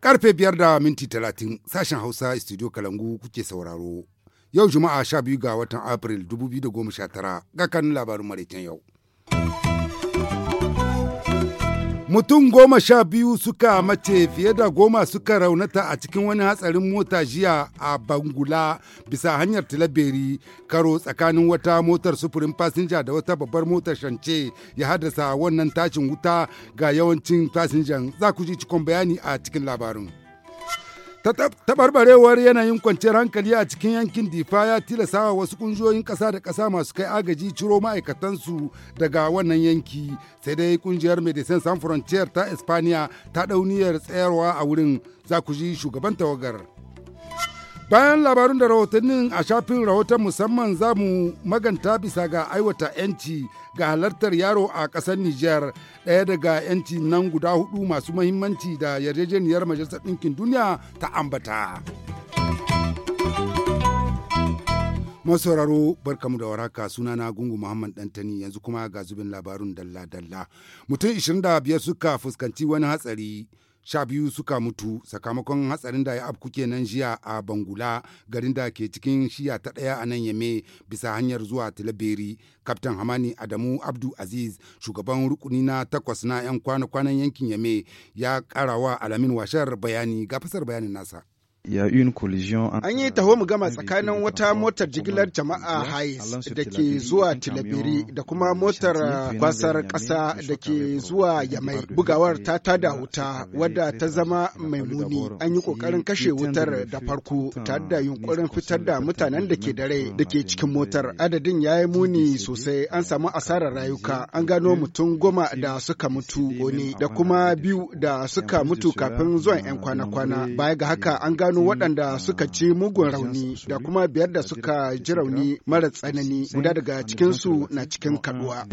Karfe biyar da minti talatin sashen Hausa studio Kalangu kuke sauraro. Yau Juma'a sha biyu ga watan Afril 2019 ga kan labarin maraicen yau. Mutum goma sha biyu suka mace fiye da goma suka raunata a cikin wani hatsarin mota jiya a Bangula bisa hanyar Tilaberi karo tsakanin wata motar sufurin fasinja da wata babbar motar shance ya haddasa wannan tashin wuta ga yawancin fasinjan za ku ji cikon bayani a cikin labarin. tabarbarewar yanayin kwanciyar hankali a cikin yankin difa ya tilasawa wasu ƙungiyoyin ƙasa da ƙasa masu kai agaji ciro ma'aikatansu daga wannan yanki sai dai ƙungiyar medecines sans frontier ta espaniya ta ɗauniyar tsayarwa a wurin za ku ji shugaban tawagar. Bayan labarun da rahotannin a shafin rahoton musamman za mu maganta bisa ga aiwata 'yanci ga halartar yaro a ƙasar Nijar ɗaya daga 'yanci nan guda hudu masu mahimmanci da yarjejeniyar Majalisar Ɗinkin Duniya ta ambata. masauraro barkamu da waraka suna na gungu muhammad dantani yanzu kuma ga zubin labarun dalla-dalla mutum 25 suka fuskanci wani hatsari sha biyu suka mutu sakamakon hatsarin da ya afku kenan jiya a bangula garin da ke cikin shiya ta ɗaya a nan yame bisa hanyar zuwa talabiri kaftan hamani adamu abdu aziz shugaban rukuni na takwas na 'yan kwana-kwanan yankin yame ya ƙarawa alamin washar bayani ga fasar bayanin nasa An yi taho mu gama tsakanin wata motar jigilar jama'a Hais da ke zuwa Tilabiri da kuma motar kwasar ƙasa da ke zuwa Yamai. Bugawar ta tada wuta wadda ta zama mai muni. An yi ƙoƙarin kashe wutar da farko tare da yunƙurin fitar da mutanen da ke dare, da ke cikin motar. Adadin ya yi muni sosai an samu asarar rayuka. An gano mutum goma da suka mutu goni da kuma biyu da suka mutu kafin zuwan 'yan kwana-kwana. Baya ga haka an gano gano waɗanda suka ci mugun rauni da kuma biyar da suka ji rauni mara tsanani guda daga cikinsu na cikin kaduwa.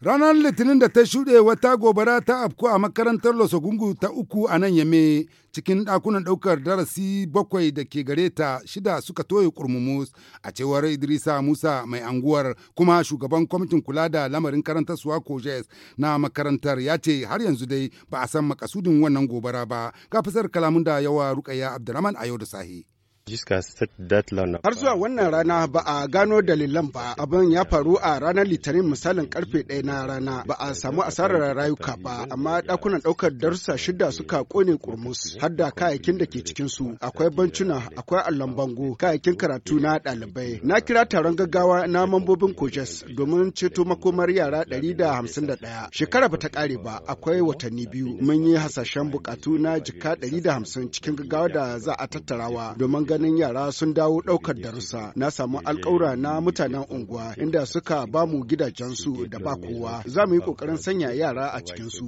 Ranar Litinin da ta shuɗe wata gobara ta afku a makarantar Losogungu ta uku a nan Yame cikin ɗakunan ɗaukar darasi bakwai da ke gare ta shida suka toye kurmumus a cewar Idrisa Musa mai anguwar kuma shugaban kwamitin kula da lamarin karantar suwa Kojes na makarantar ya ce har yanzu dai ba a san makasudin wannan gobara ba ga fasar kalamun da yawa Rukayya Abdulrahman a yau da sahi. Har zuwa wannan rana ba a gano dalilan ba abin ya faru a ranar litinin misalin karfe ɗaya na rana ba a samu asarar rayuka ba amma ɗakunan ɗaukar darussa shida suka kone kurmus har da kayayyakin da ke cikin su akwai bancuna akwai allon bango kayayyakin karatu na ɗalibai. Na kira taron gaggawa na mambobin kojes domin ceto makomar yara ɗari da hamsin da ɗaya. Shekara ba ta ƙare ba akwai watanni biyu mun yi hasashen buƙatu na jika ɗari da hamsin cikin gaggawa da za a tattarawa domin ganin yara sun dawo ɗaukar darussa na samu alƙawura na mutanen unguwa inda suka ba mu gidajensu da ba kowa za mu yi ƙoƙarin sanya yara a cikinsu.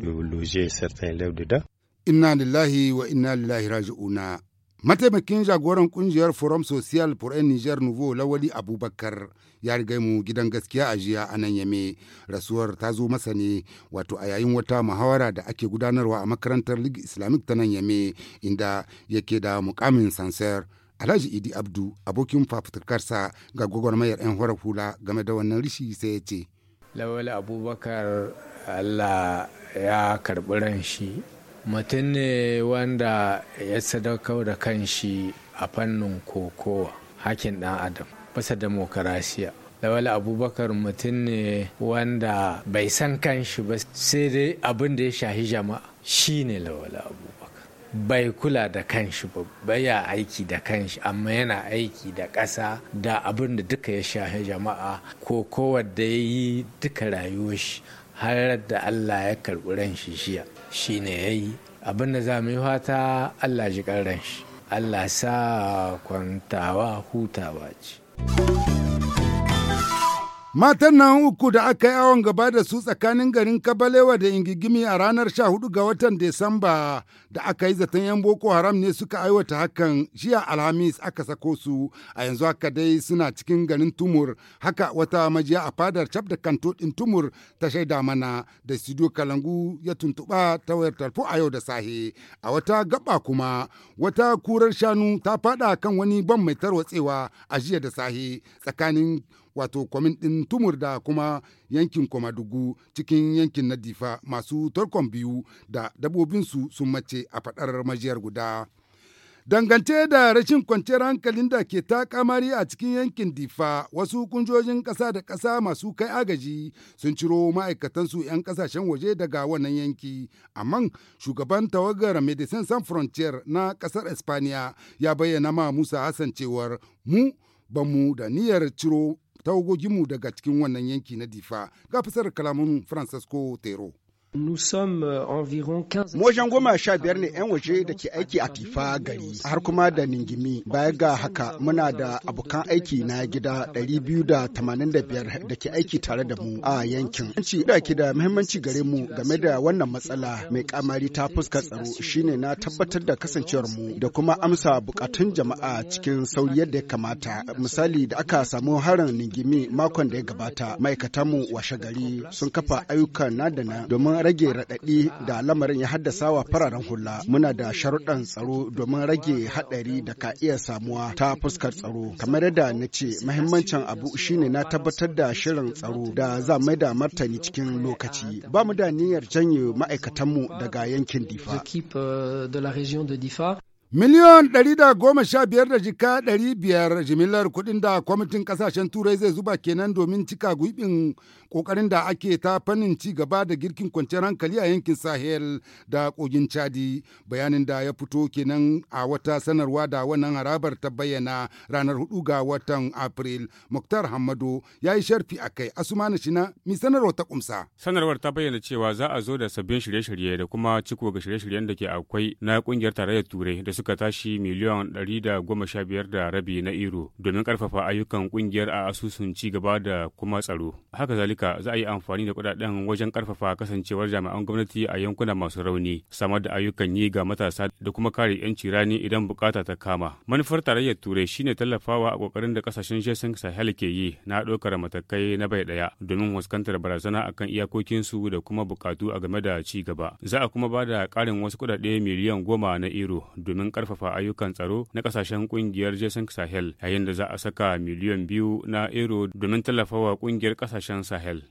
Inna lillahi wa inna lillahi raji'una. Mataimakin jagoran kungiyar Forum Social for a Niger Nouveau Lawali Abubakar ya riga mu gidan gaskiya a jiya a nan yame rasuwar ta zo masa ne wato a yayin wata muhawara da ake gudanarwa a makarantar League Islamic ta nan yame inda yake da mukamin sansar Alhaji Idi Abdu abokin fafutukarsa ga gwagwarmayar 'yan horar hula game da wannan rishi sai ya ce. Lawali Abubakar Allah ya karɓi ran shi mutum ne wanda ya sadaukar da kanshi a fannin kokowa hakin ɗan adam basa demokarasiya lawali abubakar mutum ne wanda bai san kanshi ba sai dai abin da ya shahi jama'a shi ne Lawali abubakar bai kula da kanshi ba ya aiki da kanshi amma yana aiki da ƙasa da abin da duka ya shahe jama'a ko kowadda ya yi duka rayuwar shi har da Allah ya karɓi ran shi shiya shi ne ya yi abin da za mu yi fata Allah ji ƙarar shi Allah sa kwantawa hutawa ce. Matan nan uku da aka yi awon gaba da su tsakanin garin Kabalewa da Ingigimi a ranar 14 ga watan Desamba da aka yi zaton 'yan Boko Haram ne suka aiwata hakan jiya Alhamis aka sako su a yanzu haka dai suna cikin garin Tumur haka wata majiya a fadar cap da kanto ɗin Tumur ta shaida mana da studio Kalangu ya tuntuba ta wayar tarfo a yau da sahe a wata gaba kuma wata kurar shanu ta faɗa kan wani ban mai tarwatsewa a jiya da sahe tsakanin wato kwamin ɗin tumur kuma yankin komadugu cikin yankin na difa masu tarkon biyu da dabobinsu sun mace a faɗar majiyar guda. dangance da rashin kwanciyar hankalin da ke ta kamari a cikin yankin difa wasu kunjojin ƙasa da ƙasa masu kai agaji sun ciro ma'aikatansu 'yan ƙasashen waje daga wannan yanki amma shugaban tawagar medicine san frontier na ƙasar espaniya ya bayyana ma musa hassan cewar mu ba mu da niyyar ciro mu daga cikin wannan yanki na difa ga fasar kalamun francisco tero Euh, wajen goma sha biyar ne 'yan waje da ke aiki a Tifa gari, har kuma da Ningimi. Baya ga haka muna da abokan aiki na gida 285 da ke aiki tare da mu a yankin. Yanci da ke da muhimmanci gare mu game da wannan matsala mai kamari ta fuskar tsaro shine na tabbatar da kasancewar mu da kuma amsa bukatun jama'a cikin sauri yadda ya kamata. Misali da aka samu harin Ningimi makon da ya gabata, ma'aikatan mu washe gari sun kafa ayyukan na da na domin rage raɗaɗi da lamarin ya haddasa wa fararen hula. Muna da sharuɗan tsaro domin rage haɗari da ka iya samuwa ta fuskar tsaro. Kamar yadda na ce, mahimmancin abu shine na tabbatar da shirin tsaro da za mai da martani cikin lokaci. Ba mu da niyyar janye ma'aikatanmu daga yankin Difa. Miliyon 115 da jika 500 jimillar kuɗin da kwamitin kasashen turai zai zuba kenan domin cika guibin ƙoƙarin da ake ta fannin ci gaba da girkin kwanciyar hankali a yankin Sahel da kogin Chadi. Bayanin da ya fito kenan a wata sanarwa da wannan harabar ta bayyana ranar hudu ga watan April. Muktar Hamado ya yi sharfi a kai Asumani Shina mi sanarwar ta kumsa. Sanarwar ta bayyana cewa za a zo da sabbin shirye-shirye da kuma ciko ga shirye-shiryen da ke akwai na ƙungiyar tarayyar Turai da suka tashi miliyan ɗari da goma sha biyar da rabi na iro domin ƙarfafa ayyukan ƙungiyar a asusun ci gaba da kuma tsaro. Haka zalika za a yi amfani da kudaden wajen karfafa kasancewar jami'an gwamnati a yankuna masu rauni, samar da ayyukan yi ga matasa da kuma kare 'yanci rani idan bukata ta kama. Manufar tarayyar Turai shine tallafawa a kokarin da kasashen Jason Sahel ke yi na ɗaukar matakai na bai ɗaya domin fuskantar barazana akan iyakokinsu da kuma bukatu a game da ci gaba. Za a kuma ba da ƙarin wasu kuɗaɗe miliyan goma na iro domin karfafa ayyukan tsaro na kasashen kungiyar jason sahel yayin da za a saka miliyan biyu na euro domin tallafawa kungiyar kasashen sahel.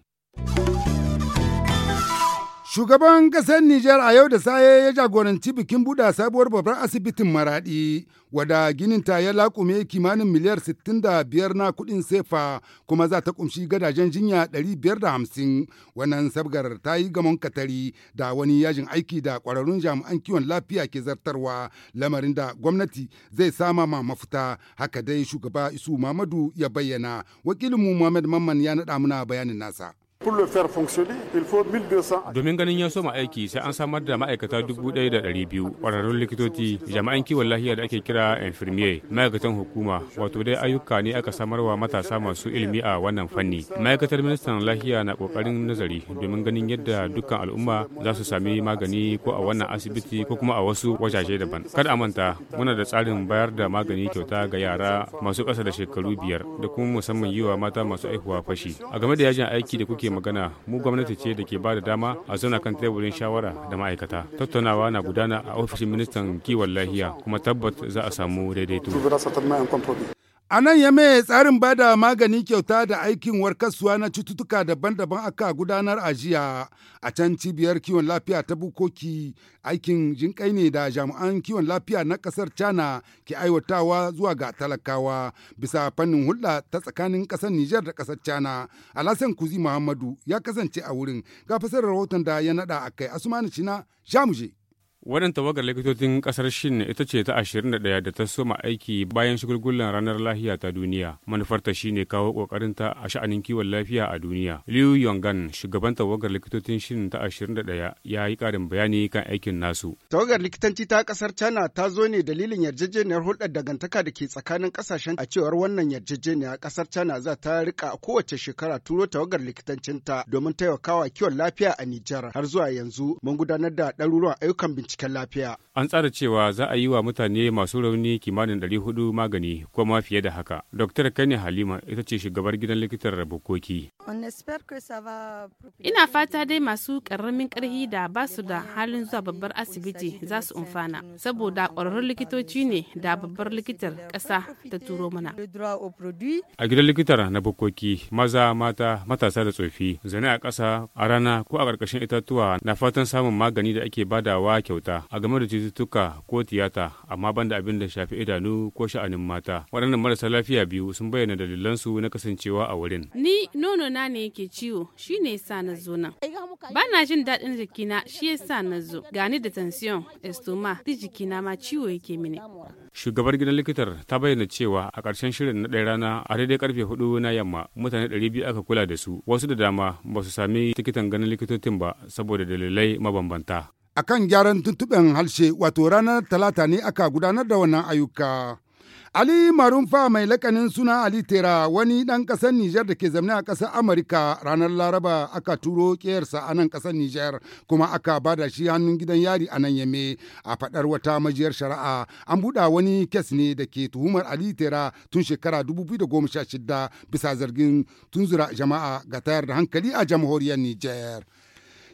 Shugaban ƙasar Nijar a yau da saye ya jagoranci bikin buɗa sabuwar babbar asibitin Maraɗi, wada ta ya laƙume kimanin miliyar 65 na kuɗin sefa kuma za ta ƙumshi gadajen jinya 550. Wannan sabgar ta yi gamon katari da wani yajin aiki da ƙwararrun jami'an kiwon lafiya ke zartarwa lamarin da gwamnati zai sama ma mafita. Haka dai shugaba Isu Mamadu ya bayyana. Wakilinmu Muhammad Mamman ya naɗa muna bayanin nasa. Domin ganin ya soma aiki sai an samar da ma'aikata 1,200 ƙwararrun likitoci jama'an kiwon lahiya da ake kira infirmier ma'aikatan hukuma wato dai ayyuka ne aka samarwa matasa masu ilimi a wannan fanni. Ma'aikatar ministan lahiya na ƙoƙarin nazari domin ganin yadda dukkan al'umma za su sami magani ko a wannan asibiti ko kuma a wasu wajaje daban. Kada a manta muna da tsarin bayar da magani kyauta ga yara masu ƙasa da shekaru biyar da kuma musamman yiwa mata masu aihuwa fashi. A game da yajin aiki da kuke nake magana mu gwamnati ce da ke ba da dama a zauna kan teburin shawara da ma'aikata tattaunawa na gudana a ofishin ministan kiwon lahiya kuma tabbat za a samu daidaito A nan ya maye tsarin bada magani kyauta da aikin warkaswa na cututtuka daban-daban aka gudanar a jiya a can cibiyar kiwon lafiya ta bukoki aikin jinƙai ne da jami'an kiwon lafiya na ƙasar cana ke aiwatawa zuwa ga talakawa bisa fannin hulɗa ta tsakanin ƙasar Nijar da kasar cana Alhassan Kuzi Muhammadu ya kasance a wurin ga fasarar rahoton da ya naɗa a kai Asumani Cina Jamuje. Wannan tawagar likitocin kasar Shin ita ce ta 21 da ta soma aiki bayan shagulgulan ranar lafiya ta duniya. Manufarta shine kawo ƙoƙarinta a sha'anin kiwon lafiya a duniya. Liu Yongan, shugaban tawagar likitocin Shin ta 21, ya yi karin bayani kan aikin nasu. Tawagar likitanci ta ƙasar China ta zo ne dalilin yarjejeniyar hulɗar dangantaka da ke tsakanin ƙasashen a cewar wannan yarjejeniya kasar China za ta rika kowace shekara turo tawagar likitancinta domin taimakawa kiwon lafiya a Nijar. Har zuwa yanzu mun gudanar da ɗaruruwan ayyukan binciken lafiya. An tsara cewa za a yi wa mutane masu rauni kimanin ɗari 400 magani kuma fiye da haka. Dr. Kani Halima ita ce shugabar gidan likitan Bukoki. Ina fata dai masu karamin karhi da ba su da halin zuwa babbar asibiti za su umfana, saboda ƙwararrun likitoci ne da babbar likitar ƙasa ta turo mana. A gidan likitar na bukoki maza, mata, matasa da tsofi, zane a ƙasa, a rana ko a ƙarƙashin itatuwa na fatan samun magani da ake badawa kyauta a game da cututtuka ko tiyata, amma banda abin da shafi idanu ko sha'anin mata. Waɗannan marasa lafiya biyu sun bayyana dalilansu na kasancewa a wurin. Ni nono na ne yake ciwo shi ne sa na zo nan ba na jin daɗin jikina shi ya sa na zo gani da tension estoma duk jikina ma ciwo yake mini shugabar gidan likitar ta bayyana cewa a ƙarshen shirin na ɗaya rana a daidai karfe hudu na yamma mutane ɗari biyu aka kula da su wasu da dama ba su sami tikitan ganin likitocin ba saboda dalilai mabambanta akan gyaran tuntuɓen harshe wato ranar talata ne aka gudanar da wannan ayyuka Ali Marumfa mai lakanin suna Ali Tera wani ɗan ƙasar Nijar da ke zaune a ƙasar Amurka ranar Laraba aka turo ƙiyarsa a nan ƙasar Nijar kuma aka bada shi hannun gidan yari a nan yame a faɗar wata majiyar shari'a an buɗa wani kes ne da ke tuhumar Ali Tera tun shekara 2016 bisa zargin tunzura jama'a ga tayar da hankali a jamhuriyar Nijar.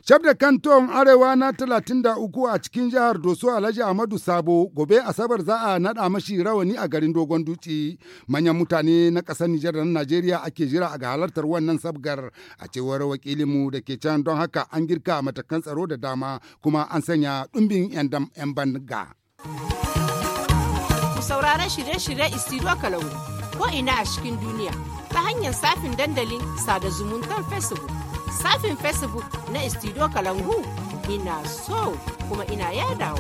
da Kanton Arewa na uku a cikin jihar Doso Alhaji Ahmadu Sabo gobe Asabar za a naɗa mashi rawani a garin Dogon Dutse. Manyan mutane na ƙasar Nijar da Najeriya ake jira a ga halartar wannan sabgar a cewar wakilinmu da ke can don haka an girka matakan tsaro da dama kuma an sanya ɗumbin 'yan banga. Sauraron shirye-shirye Istiro Kalau ko ina a cikin duniya ta hanyar safin dandalin sada zumuntar Facebook. safin facebook na istido kalangu ina so kuma ina yadawa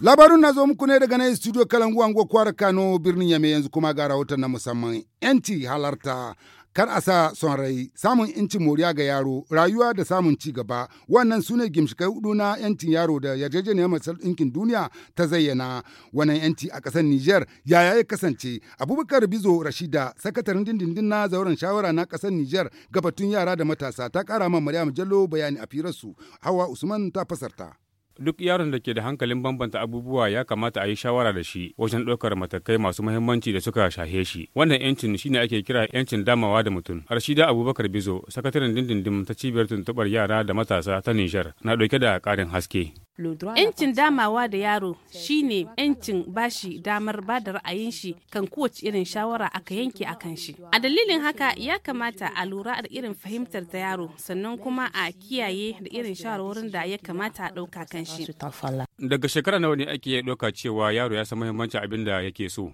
labarun na zo muku ne daga na studio kalangu ango kwara kano birnin yame yanzu kuma ga rahoton na musamman yanci halarta kar a sa son rai samun incin moriya ga yaro rayuwa da samun ci gaba wannan sune gimshikai hudu na yancin yaro da yarjejeniyar masar ɗinkin duniya ta zayyana wannan yanci a ƙasar niger yaya ya kasance abubakar bizo rashida sakataren dindindin na zauren shawara na ƙasar niger gabatun yara da matasa ta ƙara man maryam jallo bayani a firarsu hawa usman ta fasarta. duk yaron da ke da hankalin bambanta abubuwa ya kamata a yi shawara da shi wajen ɗaukar matakai masu muhimmanci da suka shahe shi wannan yancin shine ake kira yancin damawa da mutum arshida abubakar bizo sakataren dindindin ta cibiyar tuntuɓar yara da matasa ta nijar na ɗauke da ƙarin haske 'Yancin damawa da yaro shine 'yancin bashi damar ba da ra'ayin shi kan kowace irin shawara aka yanke a kan shi. A dalilin haka ya kamata a lura da irin fahimtar ta yaro sannan kuma a kiyaye da irin shawarwarin da ya kamata a ɗauka kan shi. Daga shekara nawa ne ake ɗauka cewa yaro ya san muhimmancin abin da yake so?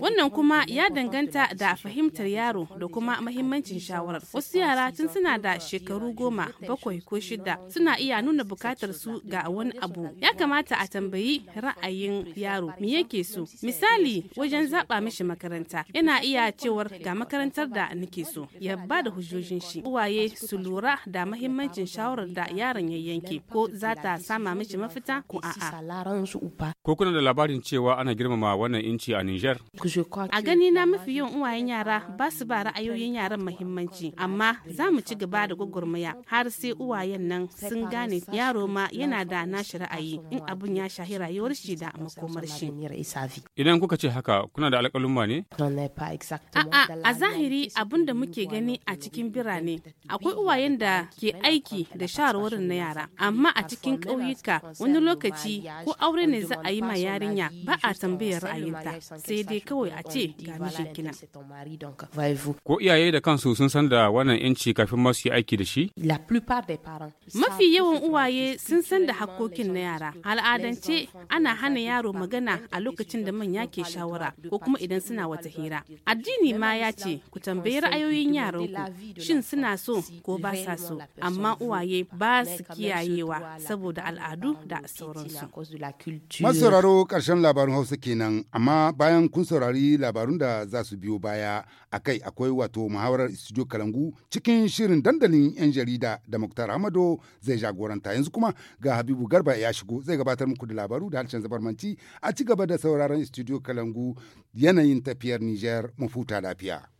Wannan kuma ya danganta da fahimtar yaro da kuma mahimmancin shawarar. Wasu yara tun suna da shekaru goma, bakwai ko shida suna iya nuna bukatar su ga wani abu ya kamata a tambayi ra'ayin yaro me yake so misali wajen zaba mishi makaranta yana iya cewar ga makarantar da nake so ya ba da hujjojin shi uwaye su lura da mahimmancin shawarar da yaron ya yanke ko za ta sama mishi mafita ko a'a ko kuna da labarin cewa ana girmama wannan inci a Niger a gani na mafi yawan uwayen yara ba su ba ra'ayoyin yaran mahimmanci amma za mu ci gaba da gwagwarmaya har sai uwayen nan sun gane yaro ma yana da nashi ra'ayi in abun ya shahi rayuwar shi da makomar shi. Idan kuka ce haka kuna da alƙalumma ne? A'a a zahiri abun da muke gani a cikin birane akwai uwayen da ke aiki da shawarwarin na yara amma a cikin ƙauyuka wani lokaci ko aure ne za a yi ma yarinya ba a tambayar ra'ayinta sai dai kawai a ce ga mijin kina. Ko iyaye da kansu sun san da wannan 'yanci kafin masu yi aiki da shi? Mafi yawan uwaye sun san da hakkokin na yara al'adance ana hana yaro magana a lokacin da manya ke shawara ko kuma idan suna wata hira addini ma ya ce ku tambayi ra'ayoyin ku shin suna so ko ba sa so amma uwaye ba su kiyayewa saboda al'adu da sauransu masauraro karshen labarin hausa kenan amma bayan kun saurari labarun da za su biyo baya a kai akwai wato muhawarar studio kalangu cikin shirin dandalin 'yan jarida da muktar hamado zai jagoranta yanzu kuma ga Habibu Garba ya shigo zai gabatar muku da labaru da harshen zabarmanci a ci gaba da sauraron studio Kalangu yanayin tafiyar Nijar mafuta lafiya.